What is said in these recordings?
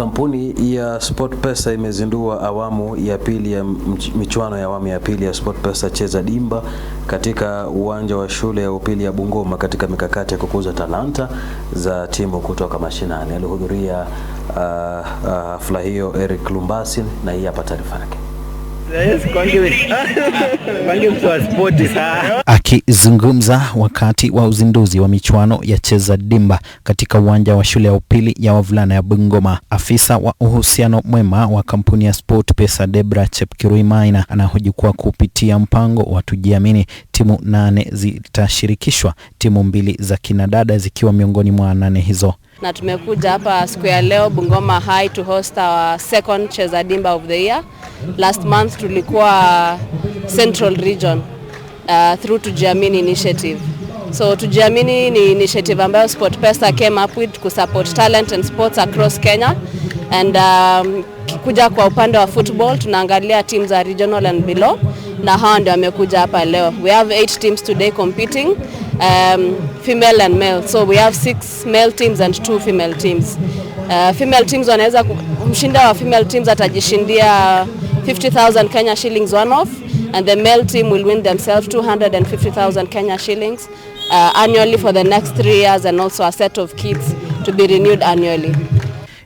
Kampuni ya SportPesa imezindua awamu ya pili ya michuano ya awamu ya pili ya SportPesa Cheza Dimba katika uwanja wa shule ya upili ya Bungoma katika mikakati ya kukuza talanta za timu kutoka mashinani. Alihudhuria ah, ah, hafla uh, uh, hiyo Eric Lumbasi na hii hapa taarifa yake. Akizungumza wakati wa uzinduzi wa michuano ya cheza dimba katika uwanja wa shule ya upili ya wavulana ya Bungoma, afisa wa uhusiano mwema wa kampuni ya Sport Pesa Debra Chepkiruimaina anahoji kuwa kupitia mpango wa Tujiamini timu nane zitashirikishwa, timu mbili za kinadada zikiwa miongoni mwa nane hizo na tumekuja hapa siku ya leo Bungoma High to host our second Cheza Dimba of the year last month tulikuwa Central Region uh, through Tujiamini Initiative. So Tujiamini ni initiative ambayo sport pesa came up with kusupport talent and sports across Kenya and um, kuja kwa upande wa football tunaangalia teams za regional and below na hawa ndio wamekuja hapa leo. We have eight teams today competing um, female and male. So we have six male teams and two female teams. Uh, female teams wanaweza mshinda wa female teams atajishindia uh, 50,000 Kenya shillings one off and the male team will win themselves 250,000 Kenya shillings uh, annually for the next three years and also a set of kits to be renewed annually.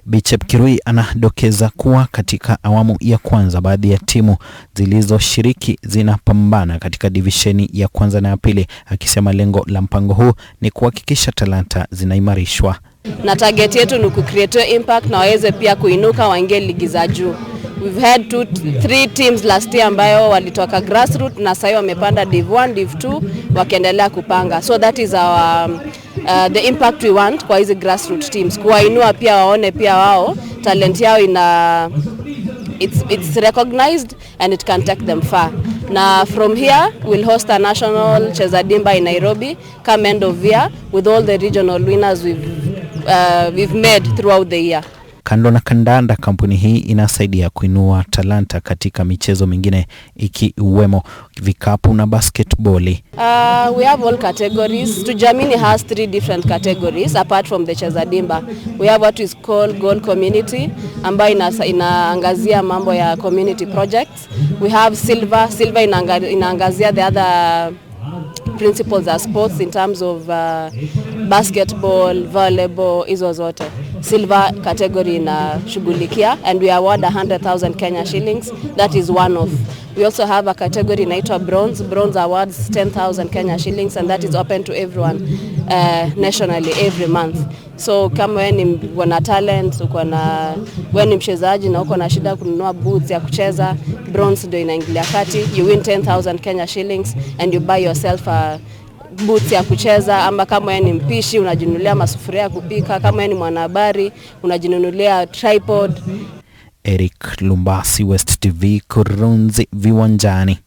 Bichep Kirui anadokeza kuwa katika awamu ya kwanza baadhi ya timu zilizoshiriki zinapambana katika divisheni ya kwanza na ya pili, akisema lengo la mpango huu ni kuhakikisha talanta zinaimarishwa na target yetu ni kucreate impact na waweze pia kuinuka waingie ligi za juu. We've had two, three teams last year ambayo walitoka grassroots na sasa wamepanda div 1, div 2 wakiendelea kupanga. So that is our um, uh, the impact we want kwa hizi grassroots teams kuwainua, pia waone pia wao talent yao ina it's, it's recognized and it can take them far. Na from here we'll host a national dimba in Nairobi come end of year with all the regional winners we've, uh, we've made throughout the year. Kando na kandanda, kampuni hii inasaidia kuinua talanta katika michezo mingine ikiwemo vikapu na basketboli. Uh, we have all categories. Tujamini has three different categories apart from the cheza dimba. We have what is called goal community ambayo inaangazia mambo ya community projects. We have silver. Silver inaangazia the other principles of sports in terms of uh, basketball, volleyball hizo zote silver category inashughulikia and we award 100,000 Kenya shillings that is one of we also have a category inaitwa bronze bronze awards 10,000 Kenya shillings and that is open to everyone uh, nationally every month so kama wewe ni una talent uko na wewe ni mchezaji na uko na shida kununua boots ya kucheza bronze ndio inaingilia kati you win 10,000 Kenya shillings and you buy yourself a boots ya kucheza, ama kama yeye ni mpishi unajinunulia masufuria ya kupika, kama yeye ni mwanahabari unajinunulia tripod. Eric Lumbasi, West TV, Kurunzi Viwanjani.